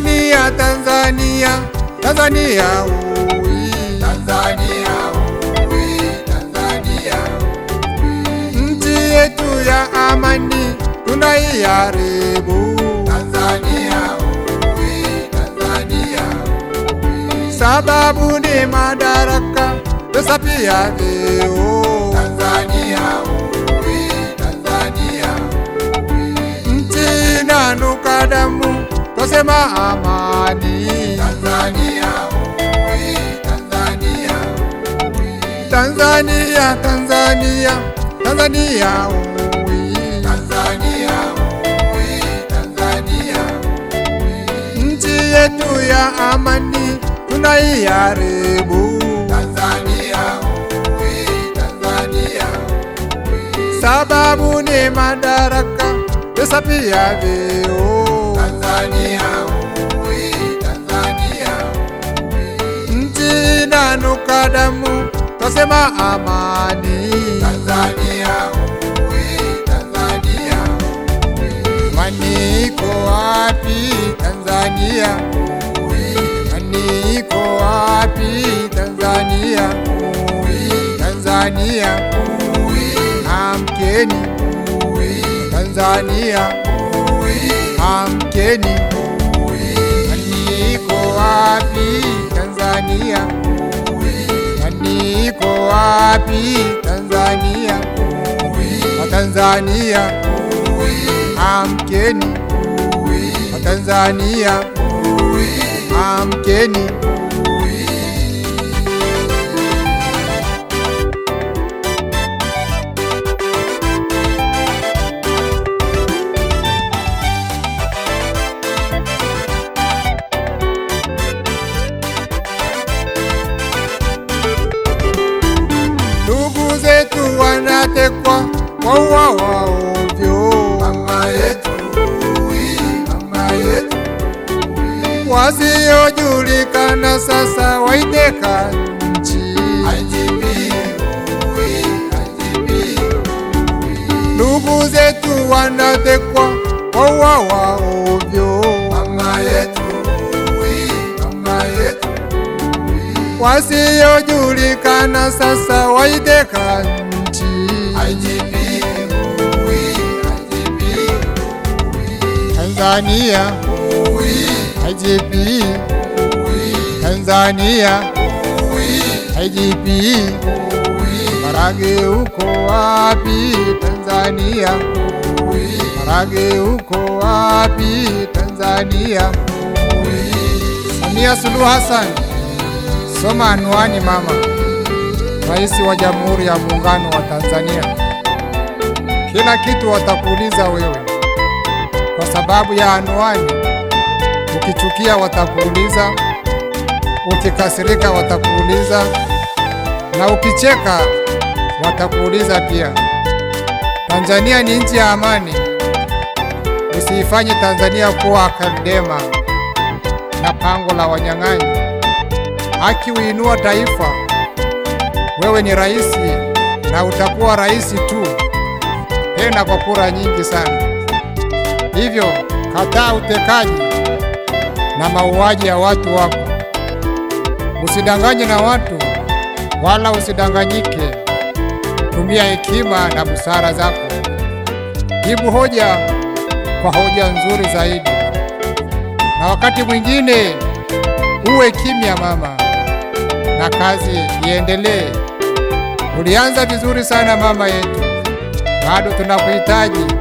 Tanzania, Tanzania, Tanzania, ui. Tanzania, ui, Tanzania, ui. Nchi yetu ya amani tunaiharibu. Tanzania, ui, Tanzania, ui. Sababu ni madaraka, pesa pia vyeo. Tanzania, ui, Tanzania, ui. Nchi inanuka damu twasema amani Tanzania, Tanzania, Tanzania, Tanzania, Tanzania, uwi. Tanzania, uwi, Tanzania, uwi. Nchi yetu ya amani tunaiharibu. Tanzania, uwi, Tanzania, uwi. Sababu ni madaraka, pesa pia vyeo Tanzania uwe, Tanzania uwe. Nchi inanuka damu, twasema amani. Tanzania uwe, Tanzania uwe. iko wapi Tanzania? mani iko wapi Tanzania? Tanzania amkeni, Tanzania Amkeni, nani wapi Tanzania? Nani wapi Tanzania? Watanzania amkeni, Watanzania amkeni wauawa ovyo. Mama wasiojulikana sasa waiteka nchi. ndugu zetu wanatekwa wauawa ovyo. Mama yetu wasiojulikana sasa waiteka Tanzania IGP Tanzania IGP Marage uko wapi Tanzania Marage uko wapi Tanzania Samia Suluhu Hassan soma anwani mama Rais wa Jamhuri ya Muungano wa Tanzania kila kitu watakuuliza wewe kwa sababu ya anwani. Ukichukia watakuuliza, ukikasirika watakuuliza, na ukicheka watakuuliza pia. Tanzania ni nchi ya amani. Usiifanye Tanzania kuwa akadema na pango la wanyang'anyi. Haki huinua taifa. Wewe ni rais na utakuwa rais tu, tena kwa kura nyingi sana. Hivyo kataa utekaji na mauaji ya watu wako. Usidanganye na watu wala usidanganyike. Tumia hekima na busara zako. Jibu hoja kwa hoja nzuri zaidi, na wakati mwingine uwe kimya mama, na kazi iendelee. Ulianza vizuri sana mama yetu, bado tunakuhitaji.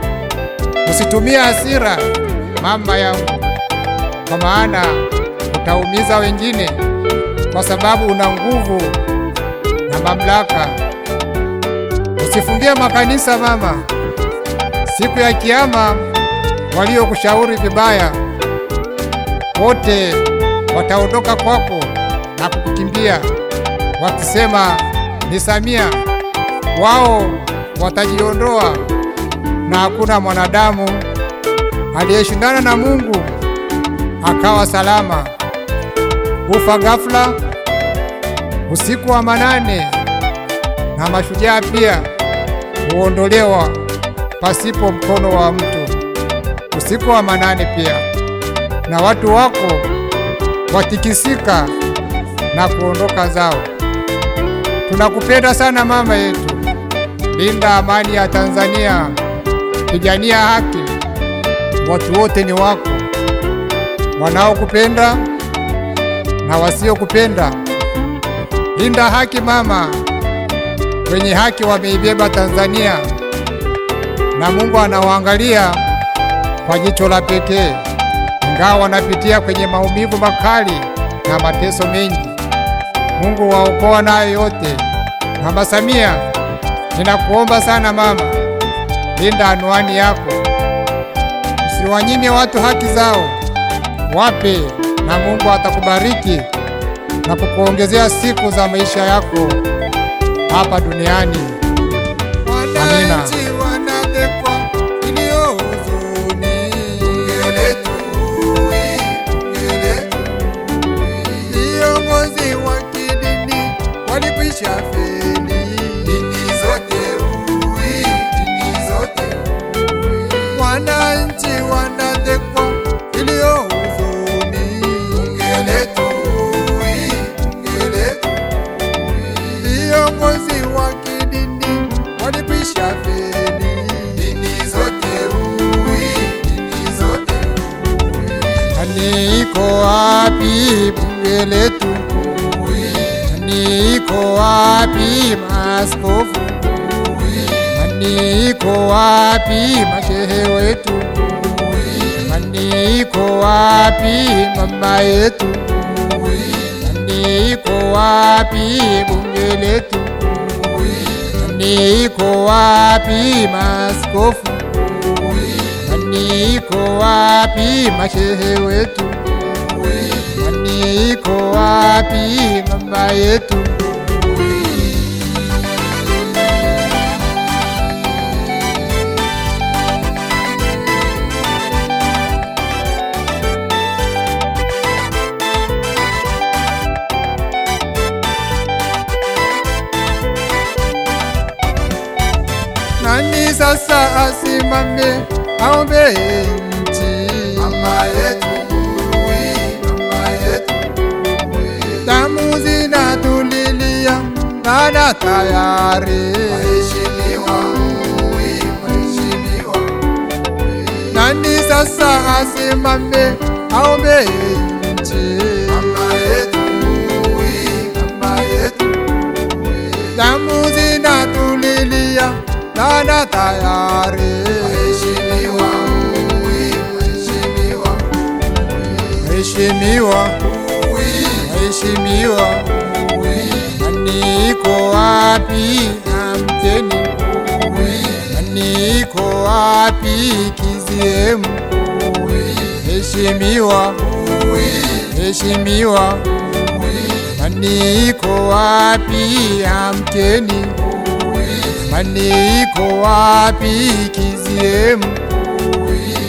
Usitumie hasira mama yangu, kwa maana utaumiza wengine, kwa sababu una nguvu na mamlaka. Usifungie makanisa mama, siku ya Kiyama waliokushauri vibaya wote wataondoka kwako na kukukimbia wakisema, ni Samia. Wao watajiondoa na hakuna mwanadamu aliyeshindana na Mungu akawa salama. Hufa ghafla usiku wa manane, na mashujaa pia huondolewa pasipo mkono wa mtu usiku wa manane pia, na watu wako watikisika na kuondoka zao. Tunakupenda sana mama yetu, linda amani ya Tanzania pigania haki, watu wote ni wako, wanaokupenda na wasiokupenda. Linda haki mama, wenye haki wameibeba Tanzania, na Mungu anawaangalia kwa jicho la pekee, ingawa wanapitia kwenye maumivu makali na mateso mengi. Mungu waokoa nayo yote. Mama Samia, ninakuomba sana mama linda anwani yako. Usiwanyime watu haki zao, wape na Mungu atakubariki na kukuongezea siku za maisha yako hapa duniani. Amina. letu niko wapi maskofu? Niko wapi mashehe wetu? Niko wapi mama yetu? Niko wapi bunge letu? Niko wapi maskofu? Niko wapi mashehe wetu? kwenye iko wapi mama yetu nani sasa asimame aombe hey. tayari. Nani sasa asimame aombe nchi? Damu zinatulilia, dada tayari. Mheshimiwa, Mheshimiwa, Mheshimiwa, Mheshimiwa, Mheshimiwa, wapi? Amcheni niko wapi? Kizie mkuu, heshimiwa, heshimiwa, niko wapi? Amcheni, niko wapi? Kizie mkuu